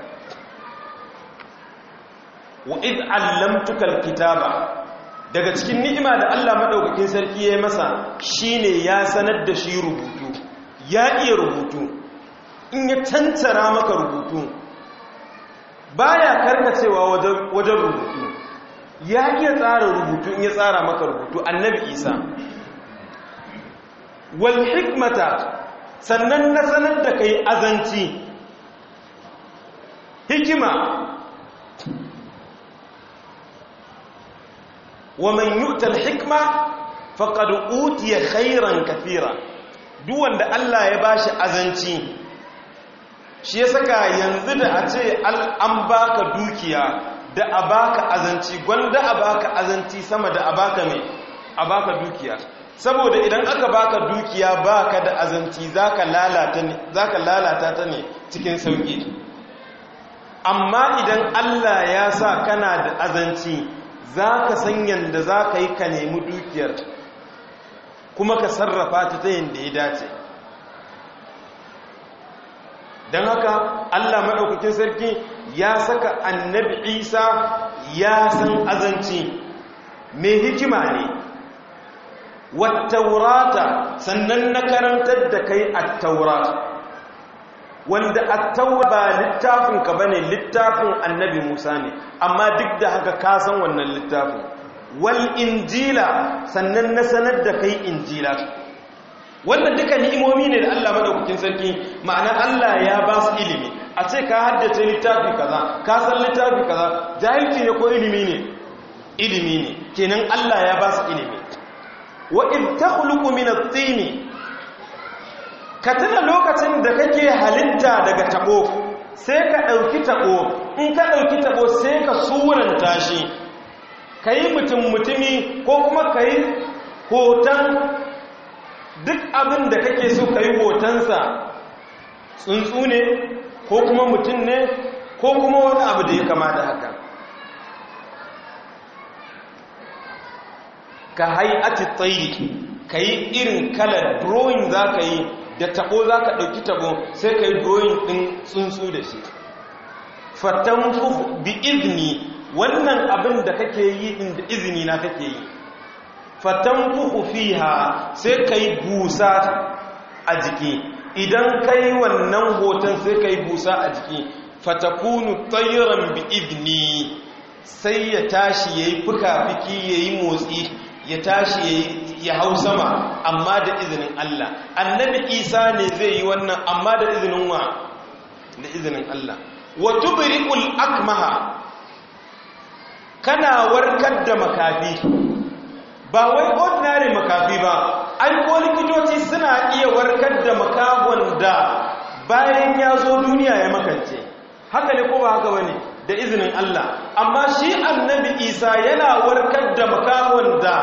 wa id allamtukal kitaba daga cikin ni'ima da Allah madaukakin sarki ya masa shine ya sanar da shi rubutu ya iya rubutu in ya tantara maka rubutu baya karkacewa wajen rubutu ya iya tsara rubutu in ya tsara maka rubutu annabi isa wal hikmata sannan na sanar da kai azanci hikima wa man yu'ta al hikma faqad utiya khairan kathira duk wanda Allah ya bashi azanci shi ya saka yanzu da a ce an baka dukiya da a baka azanci gwanda a baka azanci sama da a baka mai a baka dukiya saboda idan aka baka dukiya baka da azanci za ka lalata ta ne cikin sauƙi, amma idan Allah ya sa kana da azanci za sanyan san za ka yi ka nemi dukiyar kuma ka sarrafa ta ta yanda ya dace don haka Allah maɗaukakin sarki ya saka annabi isa ya san azanci mai hikima ne wattaurata sannan na karantar da kai attaurata wanda attaura ba littafinka ba ne littafin annabi musa ne amma duk da haka ka san wannan littafin wal injila sannan na sanar da kai injila wannan duka ni'imomi ne da Allah madaukakin sarki ma'ana Allah ya ba su ilimi a ce ka haddace littafi kaza ka san littafi kaza jahilci ne ko ilimi ne ilimi ne kenan Allah ya ba su ilimi wa in takhluqu min at-tin ka tuna lokacin da kake halitta daga tabo sai ka dauki tabo in ka dauki tabo sai ka suranta shi kai mutum mutumi ko kuma kai hoton duk abin da kake so ka yi hotonsa tsuntsu ne ko kuma mutum ne ko kuma wani abu da ya kama da haka ka hay'ati tsayi ka yi irin kalar drawing za ka yi da tabo za ka ɗauki tabo sai ka yi drawing ɗin tsuntsu da shi fatan bi izini wannan abin da kake yi inda izini na kake yi fatan fiha sai ka yi busa a jiki idan kai wannan hoton sai ka yi busa a jiki fatakunu tayran bi ibni sai ya tashi yayi fuka-fiki yayi motsi ya tashi yayi ya hau sama amma da izinin Allah annabi Isa ne zai yi wannan amma da izinin wa da izinin Allah wa tubriqul akmaha kana warkar da makafi ba wai ordinary makafi ba ai ko likitoci suna iya warkar da makagon da bayan ya zo duniya ya makance haka ne ko ba haka bane da izinin Allah amma shi annabi Isa yana warkar da makagon da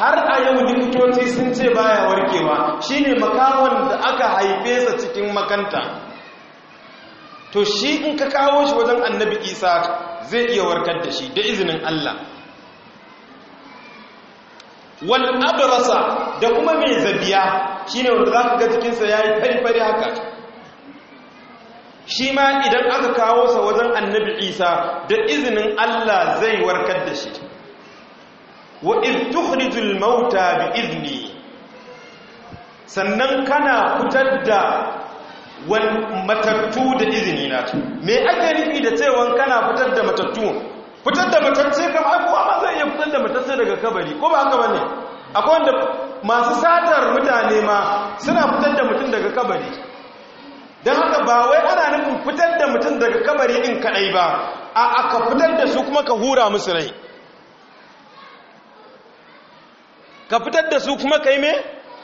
har a yau likitoci sun ce baya warkewa shine makagon da aka haife sa cikin makanta to shi in ka kawo shi wajen annabi Isa zai iya warkar da shi da izinin Allah wal abrasa da kuma mai zabiya shine wanda zaka ga jikinsa yayi fari fari haka shi ma idan aka kawo sa wajen annabi isa da izinin allah zai warkar da shi wa tukhrijul mauta bi izni sannan kana fitar da wal matattu da izini na me ake nufi da cewa kana fitar da matattu fitar da matacce kamar aikuwa ma zai iya fitar da matacce daga kabari ko ba haka ba ne akwai wanda masu satar mutane ma suna fitar da mutum daga kabari don haka ba wai ana nufin fitar da mutum daga kabari in kadai ba a aka fitar da su kuma ka hura musu rai ka fitar da su kuma ka yi me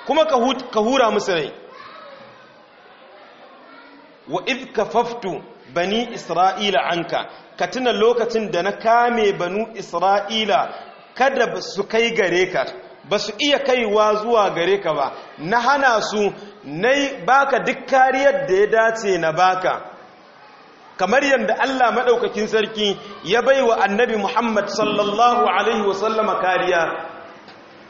kuma ka hura musu rai wa idh kafaftu bani isra'ila anka ka tuna lokacin da na kame banu isra'ila kada su kai gare ka ba su iya kaiwa zuwa gare ka ba na hana su na baka duk kariyar da ya dace na baka kamar yadda Allah maɗaukakin sarki ya bai wa annabi Muhammad sallallahu Alaihi wasallama kariya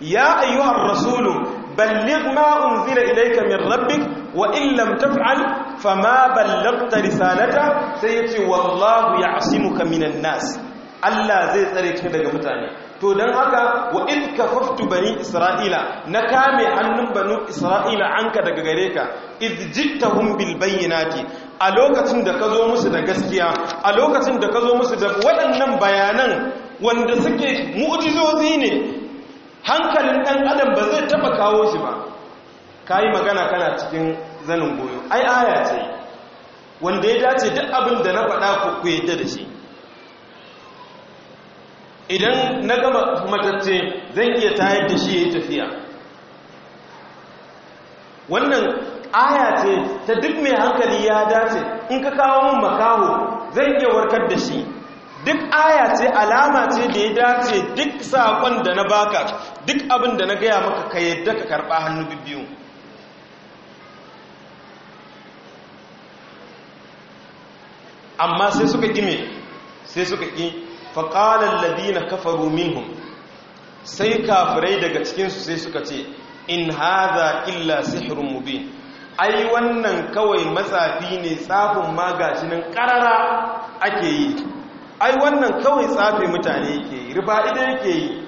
ya ayyuhar rasulu بلغ ma أنزل إليك من ربك wa in تفعل فما بلغت رسالته risalata sai yace wallahu الناس minan nas Allah zai tsare ka daga mutane to dan haka wa in kafaftu bani isra'ila na kame hannun banu isra'ila anka daga gare ka iz jittahum bil bayyinati a lokacin da ka musu da gaskiya a lokacin da kazo musu da waɗannan bayanan wanda suke mu'jizozi ne hankalin ɗan adam ba zai taɓa kawo shi ba ka yi magana kana cikin zanin goyo ai aya ce wanda ya dace duk abin da na faɗa ku yadda da shi idan na gama matacce zan iya tayar da shi ya yi tafiya wannan aya ce ta duk mai hankali ya dace in ka kawo min makaho zan iya warkar da shi duk aya ce alama ce da ya dace duk saƙon da na baka duk abin da na gaya maka ka yadda ka karɓa hannu biyu amma sai suka gime sai suka ƙi faƙalar ladina kafaru minhum sai kafirai daga cikinsu sai suka ce in haza illa sihirun mubin ai wannan kawai matsafi ne tsafin magashi ƙarara ake yi ai wannan kawai tsafe mutane ke yi rufa idan ke yi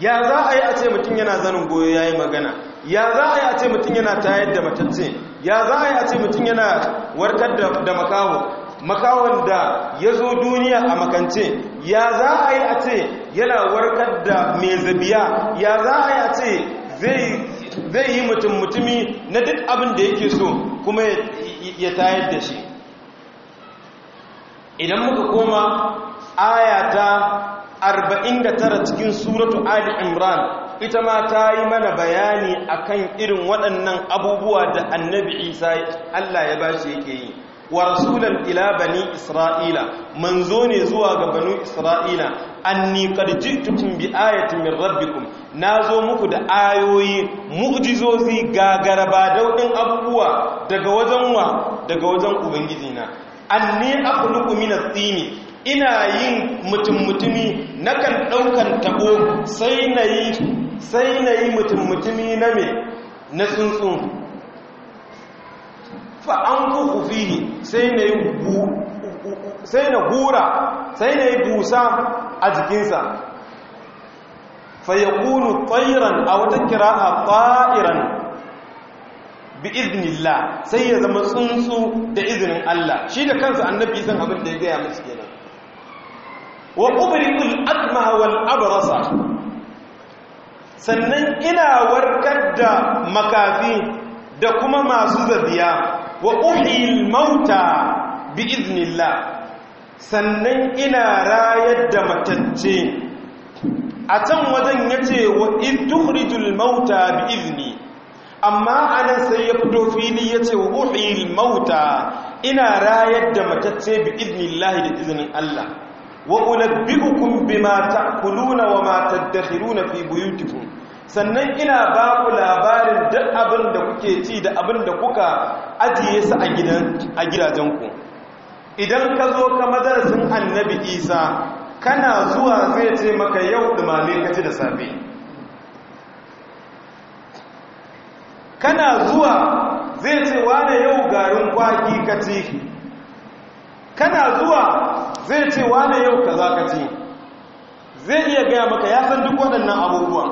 ya za a yi a ce mutum yana zanin goyo ya yi magana ya za a yi a ce mutum yana tayar da matacce ya za a yi a ce mutum yana warkar da makawo makawon da ya zo duniya a makance ya za a yi a ce yana warkar da mai zabiya ya za a yi a ce zai yi mutum mutumi na duk abin da yake so kuma ya tayar da shi idan muka koma ayata 49 cikin suratu ali imran ita ma ta yi mana bayani akan irin waɗannan abubuwa da annabi isa allah ya bashi yake yi wa rasulan ila bani isra'ila manzo ne zuwa ga banu isra'ila anni qad ji'tukum bi ayatin min rabbikum nazo muku da ayoyi mu'jizozi ga garaba daudin abubuwa daga wajen wa daga wajen ubangiji na anni akhluqu min at-tini ina yin mutum mutumi nakan daukan tabo sai nayi sai nayi mutum mutumi na me na tsuntsu fa anfuhu fihi sai nayi sai na gura sai nayi busa a jikinsa fa yaqulu tayran aw takra ta'iran bi iznillah sai ya zama tsuntsu da izinin Allah shi da kansa annabi san abin da ya gaya musu kenan wa ubriqul adma wal abrasa sannan ina warkar da makafi da kuma masu zabiya wa uhil mauta bi iznillah sannan ina rayar da matacce a can wajen yace wa in tukhrijul mauta bi izni amma anan sai ya fito fili ya ce wa uhil mauta ina rayar da matacce bi iznillahi da iznin Allah wa ulabbi'ukum bima ta'kuluna wa ma tadakhiruna fi buyutikum sannan ina ba ku labarin duk abin da kuke ci da abin da kuka ajiye su a gidan a gidajenku idan ka zo ka madarasin annabi Isa kana zuwa zai ce maka yau dumame ka ci da safe kana zuwa zai ce wane yau garin kwaki ka ci kana zuwa zai ce wane yau kaza ka ci zai iya gaya maka ya san duk waɗannan abubuwan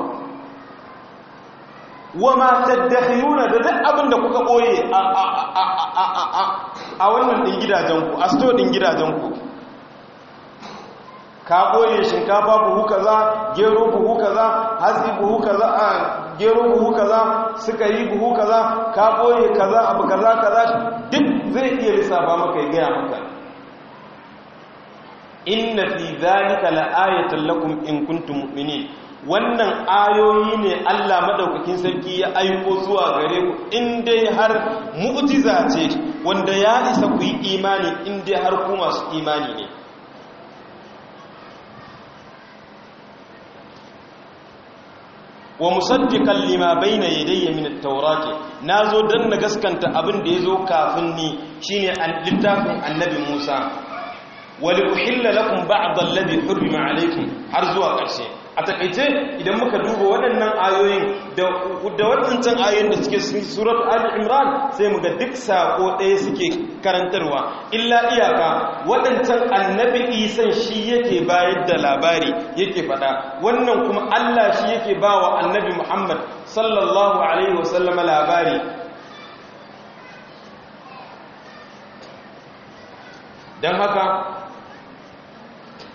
wa ma taddakhiluna da duk abin da kuka ɓoye a a a a a a wannan din gidajenku a store gidajenku ka goye shinkafa buhu kaza gero buhu kaza hatsi buhu kaza a gero buhu kaza suka yi buhu kaza ka goye kaza abu kaza kaza duk zai iya lissafa maka ya gaya maka inna fi zalika la'ayatan lakum in kuntum mu'minin wannan ayoyi ne Allah madaukakin sarki ya aiko zuwa gare ku in dai har mu'jiza ce wanda ya isa ku yi imani in dai har ku masu imani ne wa musaddiqan lima bayna yadayya min at-taurati nazo dan na gaskanta abin da yazo kafin ni shine littafin annabi Musa wa li uhilla lakum ba'd alladhi hurrima alaykum har zuwa ƙarshe a takaice idan muka duba waɗannan ayoyin da waɗancan ayoyin da suke suratu al-imran sai muga duk sako ɗaya suke karantarwa illa iyaka waɗancan annabi isan shi yake bayar da labari yake faɗa wannan kuma allah shi yake ba wa annabi muhammad sallallahu alaihi wasallama labari don haka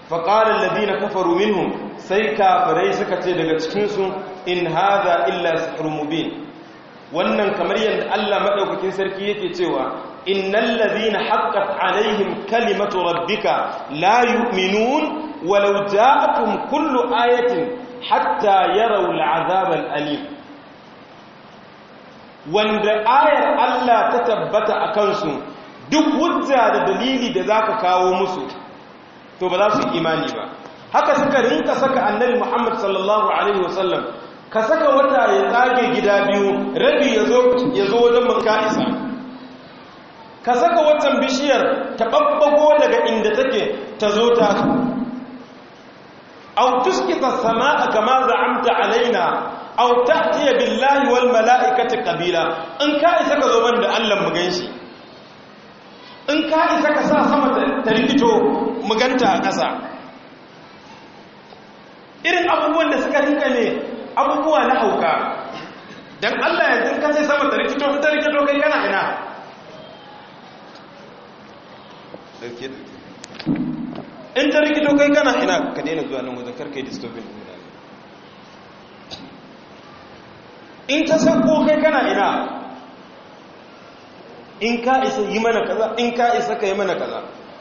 faƙarar ladina kafaru minhum sai kafirai suka ce daga cikinsu in haza illa sihr mubin wannan kamar yadda Allah madaukakin sarki yake cewa innal ladhina haqqat alaihim kalimatu rabbika la yu'minun walau ja'atuhum kullu ayatin hatta yaraw al'azab al'alim wanda ayar Allah ta tabbata akan su duk hujja da dalili da zaka kawo musu to ba za su imani ba haka suka rinka saka annabi muhammad sallallahu alaihi wasallam ka saka wata ya tsage gida biyu rabi yazo zo wajen isa ka saka watan bishiyar ta babbago daga inda take ta zo ta au tuskita sama'a kama za'amta alaina au ta'tiya billahi wal mala'ikati qabila in ka isa ka zo man Allah mu ganshi in ka isa ka sa sama ta rikito mu ganta a ƙasa irin abubuwan da suka rinka ne abubuwa na hauka don allah ya zinka sai sama da rikito fitar rikito kai kana ina in ta rikito kai kana ina ka daina zuwa nan wajen karkai distobin in ta sako kai kana ina in ka isa yi mana kaza in ka isa ka yi mana kaza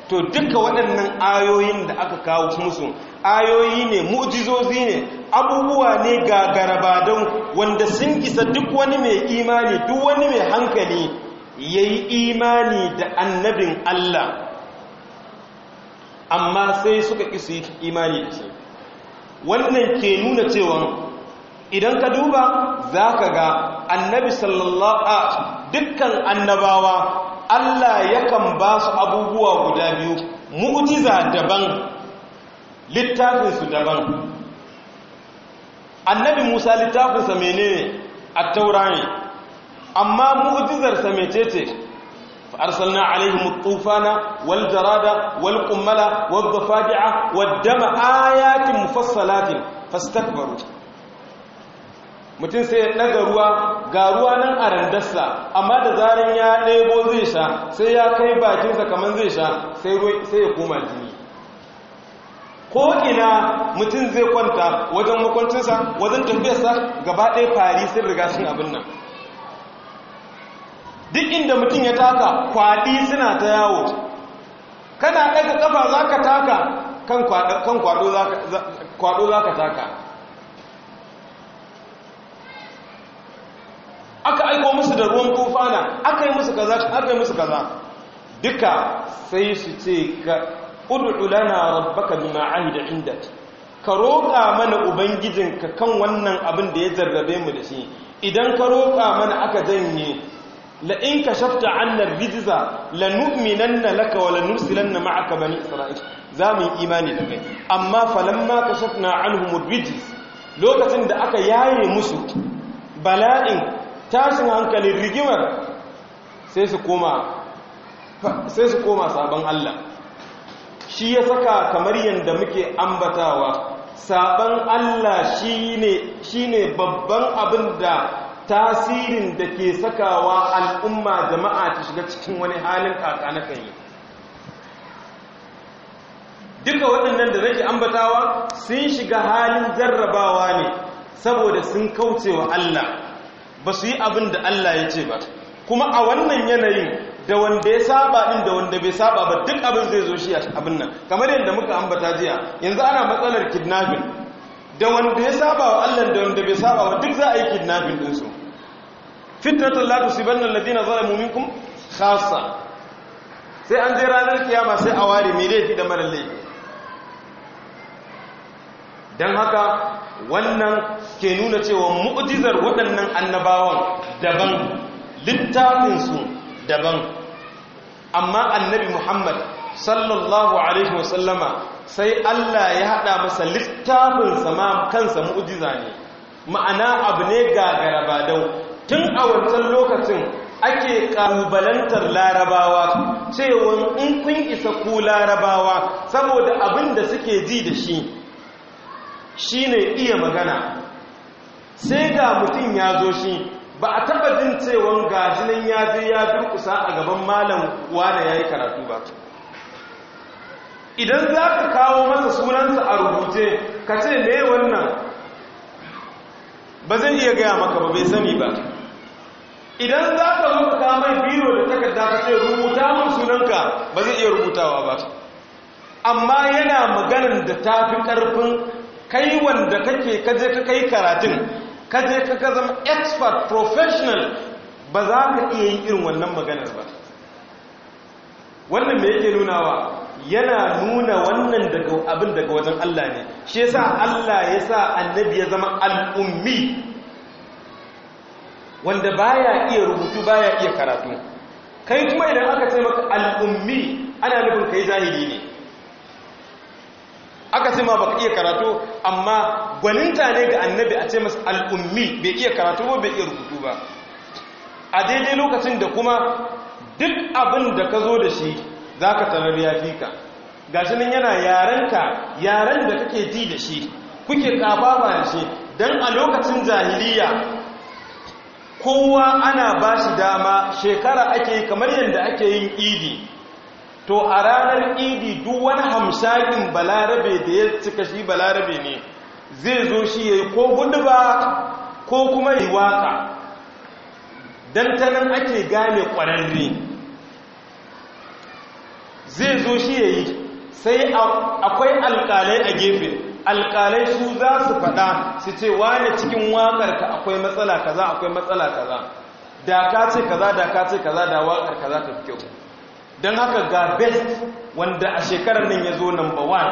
to duka waɗannan ayoyin da aka kawo musu ayoyi ne mu'jizozi ne abubuwa ne ga don wanda sun isa duk wani mai imani duk wani mai hankali ya yi imani da annabin Allah amma sai suka yi imani da shi wannan ke nuna cewa idan ka duba za ka ga annabi sallallahu a dukkan annabawa Allah yakan ba su abubuwa guda biyu mu'jiza daban littafinsu daban annabi musa littafinsa menene a ne amma mu'jizarsa mecece arsalna alaihim tufana wal jarada wal qummala wal dafa'a wad dama ayatin mufassalatin fastakbaru mutum sai ya ɗaga ruwa ga ruwa nan a randarsa amma da zarin ya ɗebo zai sha sai ya kai bakinsa kamar zai sha sai ya koma jini ko ina mutum zai kwanta wajen makwancinsa wajen tafiyarsa gaba ɗaya fari sun riga sun abin nan duk inda mutum ya taka kwaɗi suna ta yawo kana ɗaga ƙafa za ka taka kan kwaɗo za ka taka aka aiko musu da ruwan tufana aka yi musu kaza aka yi musu kaza duka sai su ce ka ud'u lana rabbaka bima ahida indak ka roƙa mana ubangijinka kan wannan abin da ya jarrabe mu da shi idan ka roƙa mana aka janye la in kashafta anna rijza lanu'minanna laka wa nursilanna ma'aka bani isra'il za mu yi imani da kai amma falamma kashafna anhum rijz lokacin da aka yaye musu bala'in tashin hankalin rigimar sai su koma sabon Allah shi ya saka kamar yadda muke ambatawa sabon Allah shi ne babban abin da tasirin da ke sakawa al'umma jama'a ta shiga cikin wani halin kaka na kan yi duka waɗannan da nake ambatawa sun shiga halin jarrabawa ne saboda sun kauce wa Allah ba su yi abin da Allah ya ce ba kuma a wannan yanayin da wanda ya saba din da wanda bai saba ba duk abin zai zo shi a abin nan kamar yadda muka ambata jiya yanzu ana matsalar kidnapping da wanda ya saba wa Allah da wanda bai saba ba duk za a yi kidnapping din su fitnatul la tusibanna alladhina zalamu minkum khassa sai an je ranar kiyama sai a ware mai laifi da mara laifi don haka wannan ke nuna cewa mu'jizar waɗannan annabawan daban littafinsu daban amma annabi muhammad sallallahu alaihi wasallama sai allah ya haɗa masa littafinsa ma kansa mu'jiza ne ma'ana abu ne gagara ba dau tun a wancan lokacin ake kalubalantar larabawa cewa in kun isa ku larabawa saboda abin da suke ji da shi Shi ne iya magana sai ga mutum ya zo shi ba a taba jin cewa gajinin ya je ya durkusa a gaban malam wane ya yi karatu ba idan za ka kawo masa sunansa a rubuce ka ce ne wannan ba zai iya gaya maka ba bai sami ba idan za ka zo ka mai biro da takarda ka ce rubuta mun sunanka ba zai iya rubutawa ba amma yana maganar da ta fi ƙarfin kai wanda kake kaje ka kai karatun kaje ka ka zama expert professional ba za ka iya yin irin wannan maganar ba wannan me yake nunawa yana nuna wannan daga abin daga wajen Allah ne shi yasa Allah ya sa annabi ya zama 'ummi wanda baya iya rubutu baya iya karatu kai kuma idan aka ce maka al'ummi ana nufin kai zahiri ne aka sai ma ka iya karatu amma gwaninta ne ga annabi a ce masu al'ummi bai iya karatu ba bai iya rubutu ba a daidai lokacin da kuma duk abin da ka zo da shi za ka tarar ya fi ka shi nan yana yarenka yaren da kake ji da shi kuke kababa da shi don a lokacin jahiliya kowa ana ba shi dama shekara ake yi kamar yadda ake yin idi to a ranar idi duk wani hamshakin balarabe da ya cika shi balarabe ne zai zo shi ya yi ko ba ko kuma yi waka don ta ake gane ƙwararre. zai zo shi ya yi sai akwai alƙalai a gefe alƙalai su za su faɗa su ce wane cikin ka akwai matsala kaza akwai matsala kaza da ka ce kaza da ka ce kaza da wakar kaza ta fi kyau don haka ga best wanda a shekarar nan ya zo number one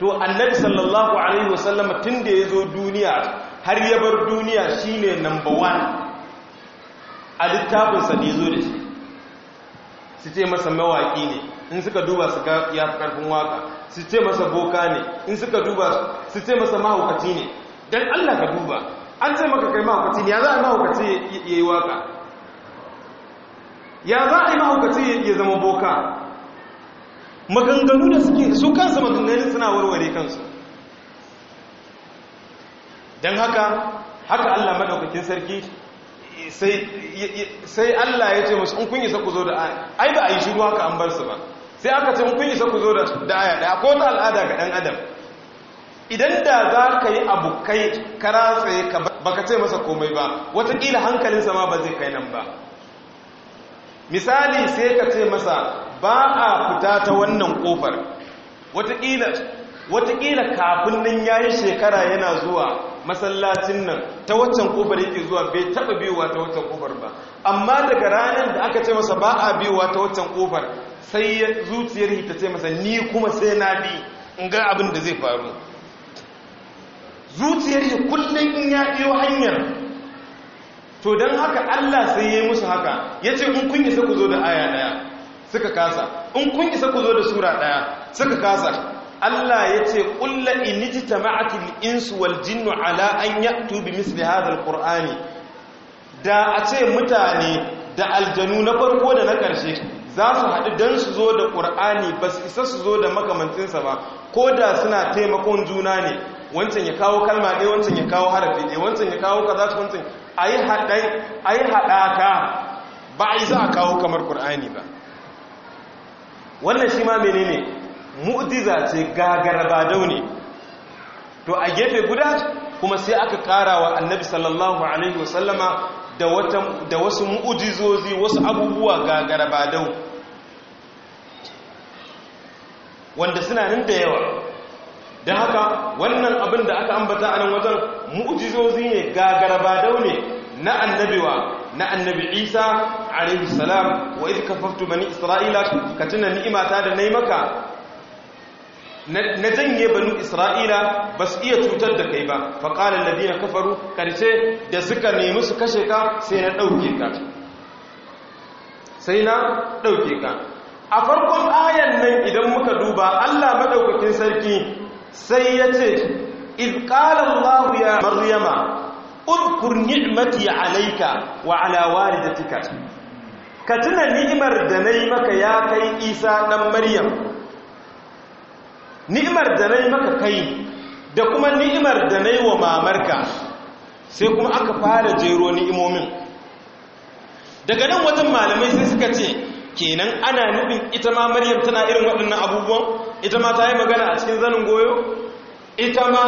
to annabi sallallahu alaihi wasallama tun da ya zo duniya har ya bar duniya shi ne number one a littafinsa da ya zo da shi su ce masa mawaƙi ne in suka duba su ga ya fi ƙarfin waka su ce masa boka ne in suka duba su ce masa mahaukaci ne don allah ka duba an ce maka kai mahaukaci ne ya za a mahaukaci ya yi waka ya za a yi mahaukaci ya zama boka maganganu da suke su kansu maganganu suna warware kansu don haka haka allah maɗaukakin sarki sai allah ya ce musu in kun isa ku zo da aya ai ba a yi shiru haka an bar su ba sai aka ce in kun isa ku zo da aya ɗaya ko ta al'ada ga ɗan adam idan da za ka yi abu kai karatsaye ka baka ce masa komai ba watakila hankalinsa ma ba zai kai nan ba misali sai ka ce masa ba a fita ta wannan kofar watakila kafin nan ya yi shekara yana zuwa masallacin nan ta waccan kofar yake zuwa bai taba biyuwa ta waccan kofar ba amma daga ranar da aka ce masa ba a biyuwa ta waccan kofar sai zuciyar hita ce masa ni kuma sai na bi in ga abin da zai faru zuciyar yi kullum in ya biyo hanyar to don haka Allah sai ya yi musu haka ya ce in kun isa ku zo da aya ɗaya suka kasa in kun isa ku zo da sura ɗaya suka kasa Allah ya ce in ji ta ma'akin insu wal jinnu ala an ya tubi misli hadar ƙur'ani da a ce mutane da aljanu na farko da na ƙarshe za su haɗu don su zo da ƙur'ani ba su isa su zo da makamancinsa ba ko da suna taimakon juna ne wancan ya kawo kalma ɗaya wancan ya kawo harafi ɗaya wancan ya kawo kaza wancan a yi haɗaka ba a yi za a kawo kamar ƙur'ani ba wannan shi ma mene ne mu'ujiza ce gagarabadau ne to a gefe guda kuma sai aka ƙara wa annabi sallallahu alaihi wasallama da wasu mu'ujizozi wasu abubuwa gagarabadau wanda suna nan da yawa Da haka wannan abin da aka ambata a nan wajen mu'jizozi ne gagarabadau ne na annabiwa na annabi isa alaihi salam wa idh kafaftu bani isra'ila ka tuna ni'imata da nayi maka na janye bani isra'ila ba iya cutar da kai ba qala alladhina kafaru karshe da suka nemi su kashe ka sai na ɗauke ka sai na ɗauke ka a farkon ayan nan idan muka duba allah maɗaukakin sarki sai ya ce izƙalar ya maryama udkur ni'mati alaika wa alawari da walidatika ka tuna ni'imar da na yi maka ya kai isa ɗan maryam ni'imar da na yi maka kai da kuma ni'imar da na yi wa mamarka sai kuma aka fara jero ni'imomin daga nan wajen malamai sai suka ce kenan ana nufin ita ma maryam tana irin waɗannan abubuwan ita ma ta yi magana a cikin zanin goyo ita ma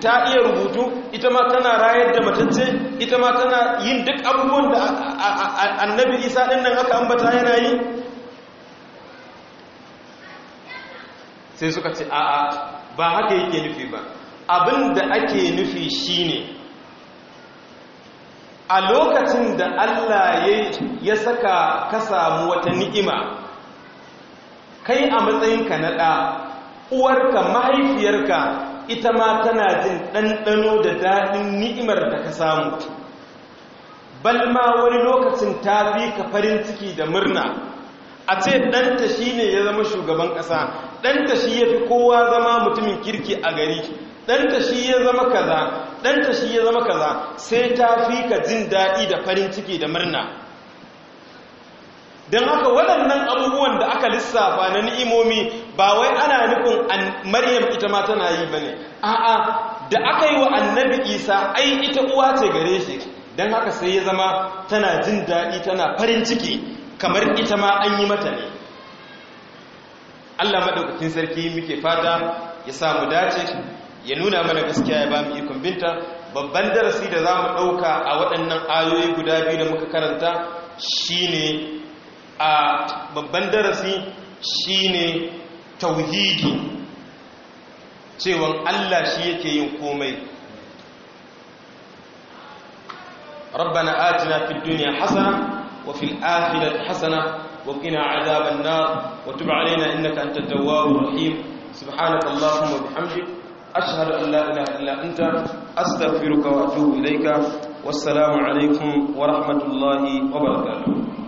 ta iya rubutu ita ma tana rayar da matacce ita ma tana yin duk abubuwan da annabi isa ɗin nan aka ambata yana yi sai suka ce a'a ba haka yake nufi ba abin da ake nufi shine a lokacin da Allah ya saka ka samu wata ni'ima kai a matsayinka na ɗa uwarka mahaifiyarka ita ma tana jin ɗanɗano da daɗin ni'imar da ka samu balma wani lokacin ta fi ka farin ciki da murna a ce ɗanta shi ne ya zama shugaban ƙasa ɗanta shi ya fi kowa zama mutumin kirki a gari ɗanta shi ya zama kaza ɗanta shi ya zama kaza sai ta fi ka jin daɗi da farin ciki da murna don haka waɗannan abubuwan da aka lissafa na ni'imomi ba wai ana nufin maryam ita ma tana yi ba ne a'a da aka yi wa annabi isa ai ita uwa ce gare shi don haka sai ya zama tana jin daɗi tana farin ciki kamar ita ma an yi mata ne allah maɗaukakin sarki muke fata ya samu dace ya nuna mana gaskiya ya ba mu ikon binta babban darasi da za mu ɗauka a waɗannan ayoyi guda biyu da muka karanta shine a babban darasi shine tauhidi cewan Allah shi yake yin komai rabbana atina fid dunya hasana wa fil akhirati hasana wa qina adhaban nar wa tub alaina innaka antat tawwabur rahim subhanakallahumma wa bihamdika ashhadu an la ilaha illa anta astaghfiruka wa atubu ilaika wassalamu alaikum wa rahmatullahi wa barakatuh